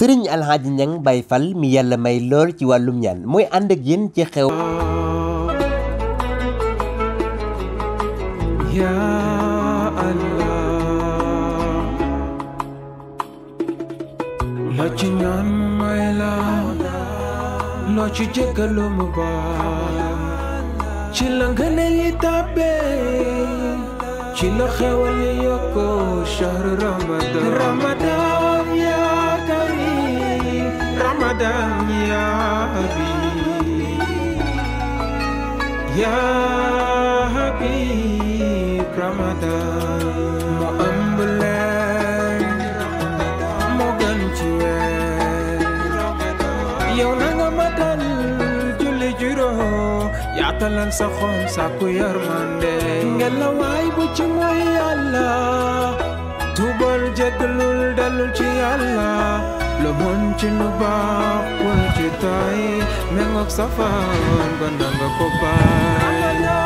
sëriñ alxaaji ñang bay fal mi yàlla may lool ci wàllum ñaan mooy ànd ak yéen ci xew loo ci ñaan may la loo ci jéggalu mu baal ci la ngëne yi tàbbe ci la xewal yi yokko shahr ramadan قدم يا حبيب يا حبيب mu ëmb leen mu gën ci weer yow na nga matal julli juróom sa xol sàkku yërmande ngela waay bu ci mooy yàlla tubal jégalul dellu ci yàlla la mën ci lu baax wul ci tay mengook safaan ba nanga ko baay na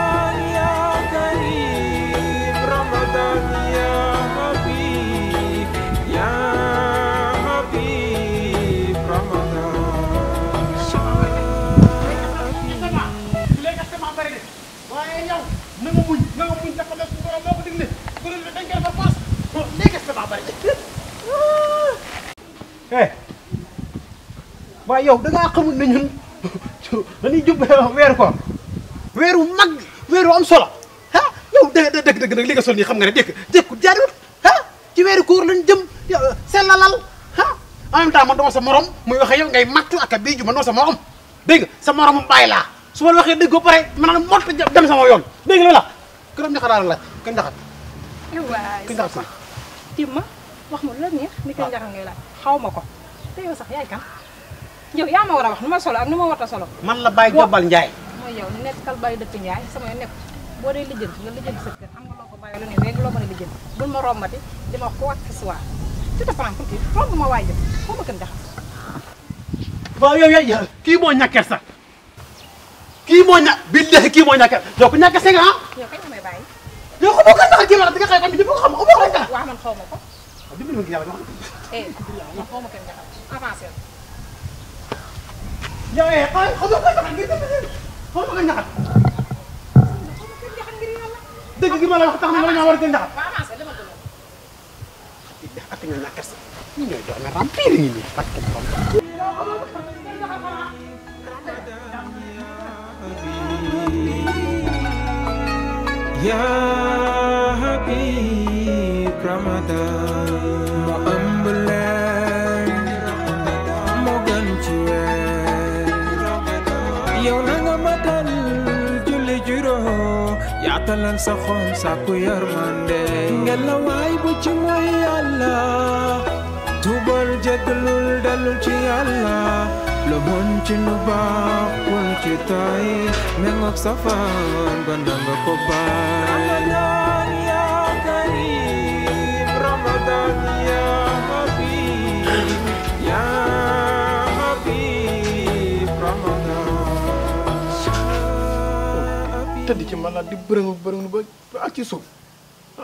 nga muñ na nga muñ dafa nekk borom moo ko digle kuréel bi dañ koy fa paas léegi est-ce que daa bari eh waaye yow da ngaa xamul ne ñun dañuy jub weeru koor weeru mag weeru am solo ah yow dëgg dëgg dëgg nag li nga sol nii xam nga ne dëkk dëkku ko ah ci weeru koor lañ jëm sellalal ah en même temps man dama sa morom muy waxe yow ngay matt ak a bii ju ma dama sa morom dégg nga sa moromu bàyyi laa su ma waxee dëgg ba pare maanaam mot dem sama yoon dégg nga la këram ñaxaraar la kañ jaxat. waay kañ jaxat ma. wax ma lu la neex ni kañ jaxat ngay laaj. xaw ma ko te yow sax yaay kan yow yaa ma war a wax nu ma solo ak nu ma war a solo. man la Baye Jobal Ndiaye. mooy yow nekkal Baye dëkk Ndiaye sama yoon nekk boo dee lijjanti nga ne léegi loo mën a lijjanti bul ma rombati di ma wax ko wax ci soir tout à romb ma waay jëm foo ma yow yaa kii moo ñàkkee sax kii moo ña bi kii moo ñàkkee yow ku ñàkkee sëñ ah? yow kañ may bàyyi. yow xamoo ko sax kii ma di nga ko xam xamoo ko. waaw man xaw ma ko. eh man xaw ma kenn nga xam avancé na. yow eh xaw ma ko ñaxal ngir dëgg xaw ma ko ñaxal. dëgg gi ma la wax tax na ma war a gën ñaxal. waaw avancé dama gën a. ak ñoom ñaar kese ñun ñooy doon na remplir ñu nii parce que. يا حبيب رمضان yow na nga matal julli juróom yaatalal sa xol sàkku yërmande ngela waay bu ci mooy yàlla tubal jégalul dellu ci lu bon ci lu baax bul ci tay méngoog safaan ba nanga ko baal tëdd ci man di bërëngu bërëngu ba ba ak ci suuf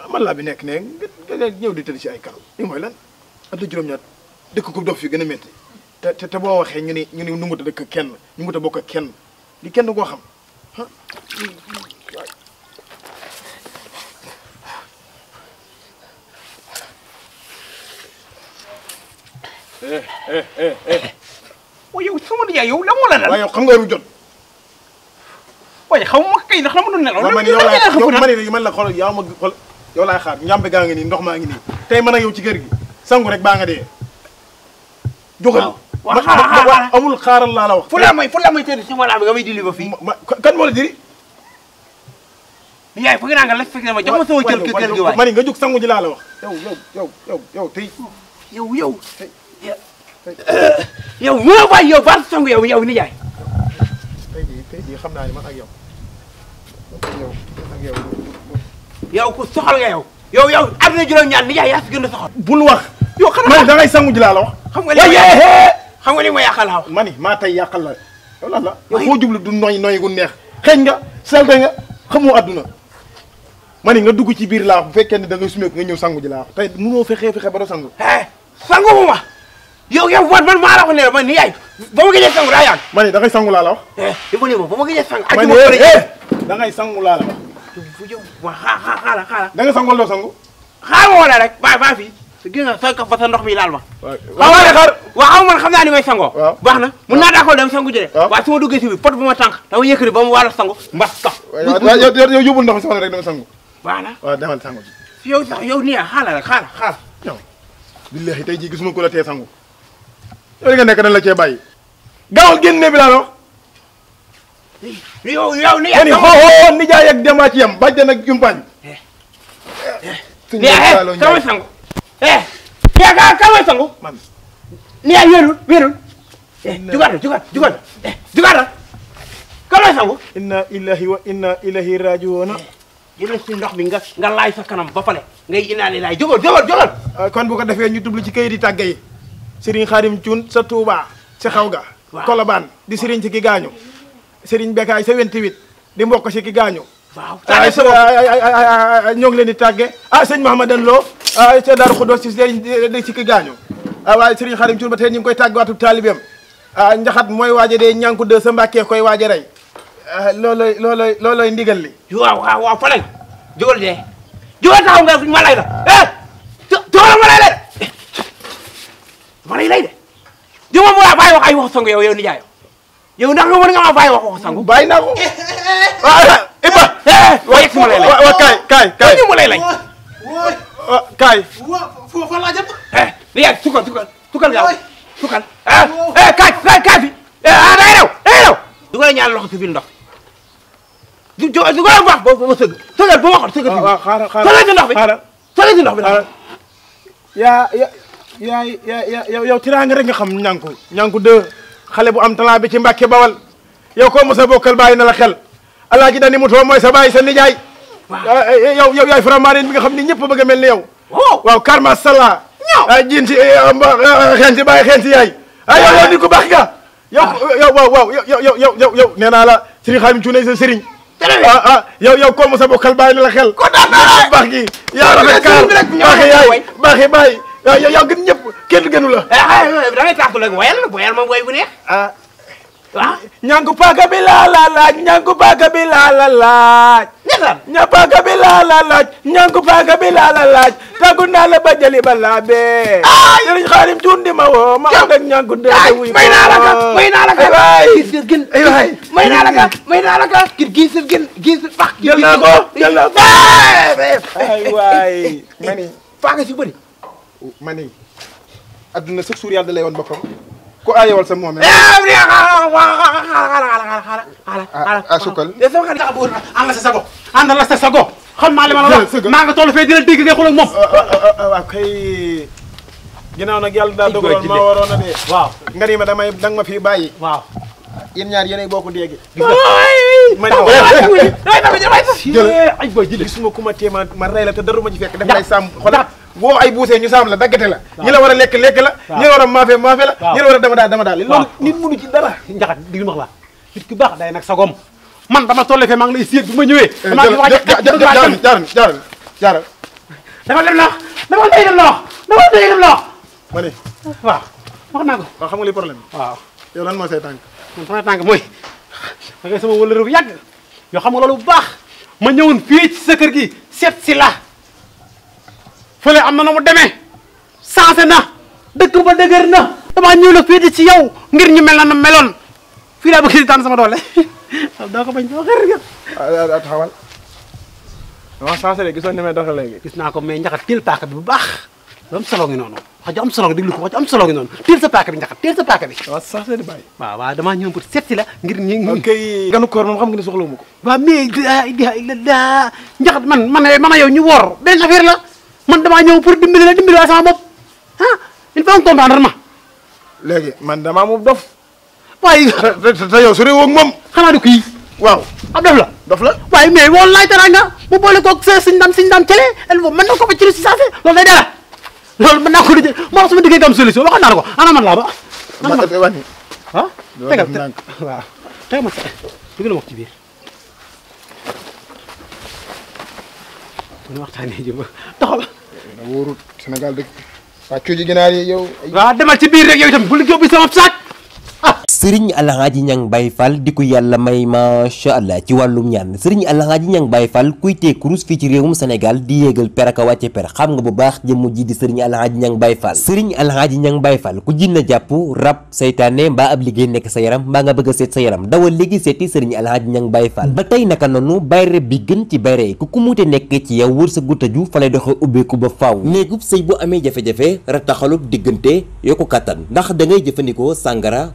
man bi nekk ne ñëw di tëdd ci ay karaw li mooy lan at la juróom-ñaar dëkk ku dof fi gën a métti te te boo waxee ñu ne ñu ne nungut a dëkk kenn nungut a bokk kenn di kenn koo xam ah eh eh eh. waaye yow xam nga waru waaye xaw ma kay ndax dama doon nelaw. loolu yow la yow yow ah. man yow man la xool yow gaa ngi nii ndox maa ngi nii tey man ak yow ci kër gi sangu rek baa nga dee. jógal waaw xaaral amul xaaral laa la wax. fu laa may fu laa may teel si wàll bi nga may kan moo la diri. yaay foog naa nga lef jox ma sama kër kër gi nga jóg sangu ji laa wax. yow yow yow yow yow tey. yow yow. sangu yow yow ni yaay. yow yow ku soxal nga yow. yow yow am na juróom-ñaar ni yaay yaa fi gën a soxal. bul wax. yow xanaa man ji laa la wax. xam nga li ma xam nga li ma yàqal laa wax. ma maa tey yàqal la yow lan la. yow foo jublu du noy noy gu neex. xeeñ nga salte nga xamoo adduna. ma ni nga dugg ci biir laa wax bu fekkee ne da nga sumeeku nga ñëw sangu ji laa wax tey mënoo fexe fexe ba do sangu. sangu bu ma. yow yow man man maa la wax ne la man ma daa yàgg. la wax. yow ma ne sangu. ma ne da ngay sangu laa la wax. fu jëm waaw xaaral xaaral xaaral. da nga gis mi laal ma. waaw waaw xaar waaw xaw man xam naa ni may sangoo. na mun naa d'accord dem sangu jëlee. waaw waaye su ma duggee ma tànk dama yëkkati ba mu wàllu sangu mbas kaf. waaw sax yow nii xaaral xaaral xaaral. billahi tey jii gisuma ko la tee sangu yow li nga nekk dañ la cee bàyyi. gaawal génne bi laa ah. wax. yow yow ni. xoo xoo nijaay ak demaa ci yam bàjjan ak jumpaañ. Eh, eh, suñu yëngu kaw sangu. eh yaa kaw sangu. man ni yaa wéerul wéerul. Eh, jugaat na jugaat jugaat na jugaat na. kaw sangu. inna ilahi wa inna ilahi rajiwoona. jëlal si ndox bi nga nga laay sa kanam ba pare ngay inaan laay jógal jógal jógal. Ah, kon bu ko defee ñu tublu ci kayit yi tàgge yi. sëriñ Xaadim Cuun sa Touba si xaw ga Kolobaan di sëriñ si ki gaañu sëriñ Bekaay sa 28 di mbokk si ki gaañu waaw ñoo ngi leen di tàgge ah sëñ Mahamadan Lo ca Daaru Xudoos si sëriñ si ki gaañu ah, waaye Cuun ba tey ñu ngi koy tàggewaatu taalibeem ah, njaxat mooy waaja dee ñànku de sa mbàkkee koy waaja rey ah, loolooy loolooy loolooy ndigal li waaw waaw waaw fa lañ jógal dee jógal taxaw nga ma lay la eh! lay lay de di moom waa bàyyi wax ay wax sangu yow yow nijaay yow ndax nga mën nga ma bàyyi wax wax sangu bàyyi naa ko Iba waa yegg si ma lay lay waa kaay kaay kaay ñu ma lay lay kaay foofa laa jëm li eh, yàgg sukal sukal sukal gaaw sukal ah, eh, kaay kaay kaay fi eh, ah day rew day rew du koy ñaan loxo si biir ndox du du ko wax ba ba sëgg sëgal ba waxoon sëgal waaw ah, ah, xaaral xaaral sëgal si ndox bi sëgal si ndox bi yaa yaa yaay yaa yow tiraanga rek nga xam ñànku ñànku de xale bu am talent bi ci Mbàkke Bawal yow koo mos a bokkal bàyyi na la xel alaaji dani mu too mooy sa bàyyi sa nijaay ah, eh, eh, yow yow yaay Faramareen bi nga xam ni ñëpp bëgg a mel ni yow waaw kar masalla a ah, jiin ci eh, ah, xeen ci bàyyi xeen ci yaay a yow yow nit ku baax nga yow yow waaw waaw yow yow yow yow yow nee naa la sëriñ Xaadim Cuune sa sëriñ ah ah yow yow koo mos a bokkal bàyyi na la xel baax gi yaa rafet kaar baaxi yaay baaxi bàyyi yow yow gën ñëpp kenn gënu la. da ngay tàkku nag woyal woyal moom woy bu neex. ah waaw. ñàngu paaka bi laa la laaj ñàngu paaka bi laa la laaj. ña paaka bi laa la laaj ñàngu paaka bi laa la laaj tàggu naa la ba jëli ba laabee. sëriñ xaarim tuun di ma woo ma ànd ak ñàngu dee wuy may naa la ka may naa la ka. gis gën may naa la ka may naa la ka gis gën gis fax. jël naa ko jël naa ko. ay waay mani paaka si bëri. ma ni adduna sax suur yàlla da lay woon boppam ku aayewal sa moom. ah sukkal. Eh, ànd sa sago ànd la sa sago xam naa li ma la wax maa nga toll fee dina dégg nga xool ak o ah, ah, ah, waaw kay. ginnaaw nag yàlla daal dogaloon ma waroon dee. waaw nga ni ma damay danga ma fii bàyyi. waaw yéen ñaar yéenay bokk déegi. ma ne ma waay waay waay waay waay waay waay waay boo ay buusee ñu saam la daggate la ñi la war a lekk lekk la ñi la war a maafe maafe la ñi la war a dama daal dama daal loolu nit mënu ci dara njaxat diglu max la nit ku baax day nag sagom man dama tolle fee maa ngi lay seet bu ma ñëwee dama eh, wax jaaral jaaral jaaral dama lem la wax dama doy lem la wax dama doy lem la wax ma ne waaw wax naa ko waaw xam nga li problème waaw yow lan moo say tànk man sama tànk mooy da ngay sama wëlëru bu yàgg yoo xam nga loolu bu baax ma ñëwoon fii ci sa kër gi seet si la fële am na na mu demee saase na dëkk ba dëgër na damaa ñëw la féete ci yow ngir ñu mel na na meloon fii laa bëgg di daan sama doole doo ko bañ sama xarit taxawal dama saase de gisoon gis naa ko mais njaxat teel paaka bi bu baax lu am solo ngi noonu wax ju am solo ngi déglu ko wax ju am solo ngi noonu teel sa paaka bi njaxat teel sa paaka bi waaw saase di bàyyi waaw waaw damaa la ngir ñu kay ganu koor moom xam nga ne ko waaw mais la njaxat man man man a yow ñu woor la man damaa ñëw pour dimbali la dimbali waa ah il faut nga ma. léegi man damaa mu dof. waaye. te te yow su réewoo ak moom. xanaa kii. waaw ab la. dof la waaye mais woon laay teraanga bu boole koog sa suñu daan suñu daan cële el boobu ko fa ci si saa loolu day dara loolu mën naa ko di ma sama diggante am solution waxoon naa ko ana man laa ba. man ma ah. tegal ma tegal ma taxaw na wóorut Sénégal dëkk. waa cooju ginaar yi yow. waaw demal ci biir rek yow itam bul yóbbu sama saak. sëriñ alxaaji ñang bay fall di ko yàlla may macha allah ci wàllum ñaan sëriñ alxaaji ñang bay fall kuy tee kurus fii ci réewum sénégal di yéegal per ak a wàcce per xam nga bu baax jëmm ji di sëriñ alxaaji ñang bay fall sëriñ alxaaji ñang bay fall ku jinna jàpp rab saytaane mbaa ab liggéey nekk sa yaram mbaa nga bëgg a seet sa yaram dawal léegi seeti sëriñ alxaaji ñang bay fall ba tey naka noonu bayre bi gën ci bayre ku ku muute nekk ci yow wër sa gutaju fa lay doxee ubbeeku ba faaw néegub sëy bu amee jafe-jafe diggante yokku kàttan ndax da ngay jëfandikoo sàngara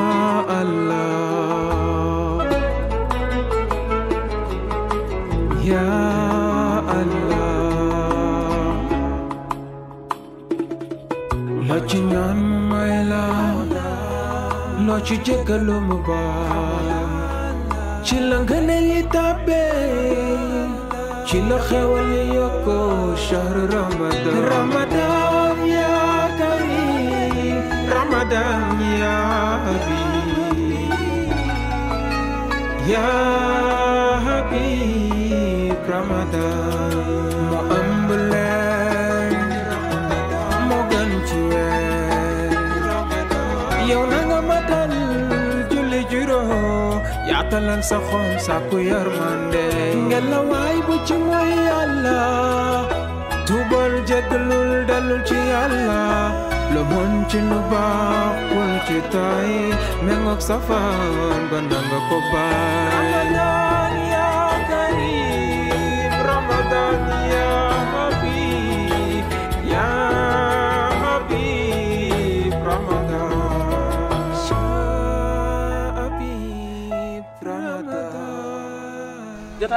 ya Allah loo ci ñaan may la ci jéggalu mu baal ci la ngëneel ci la xewal yi yokkoo shahr Ramadan ya karim Ramadan ya habib Ramadan moo ëmb leen moo gën ci weer yow na nga matal julli juróom yaatalal sa xol sàkku yërmande ngelaw waay bu ci mooy yàlla tuubal jégalul delul lu mun ci lu baax bul ci tay mengook safaan ba nanga ko baay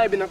jotaay bi nag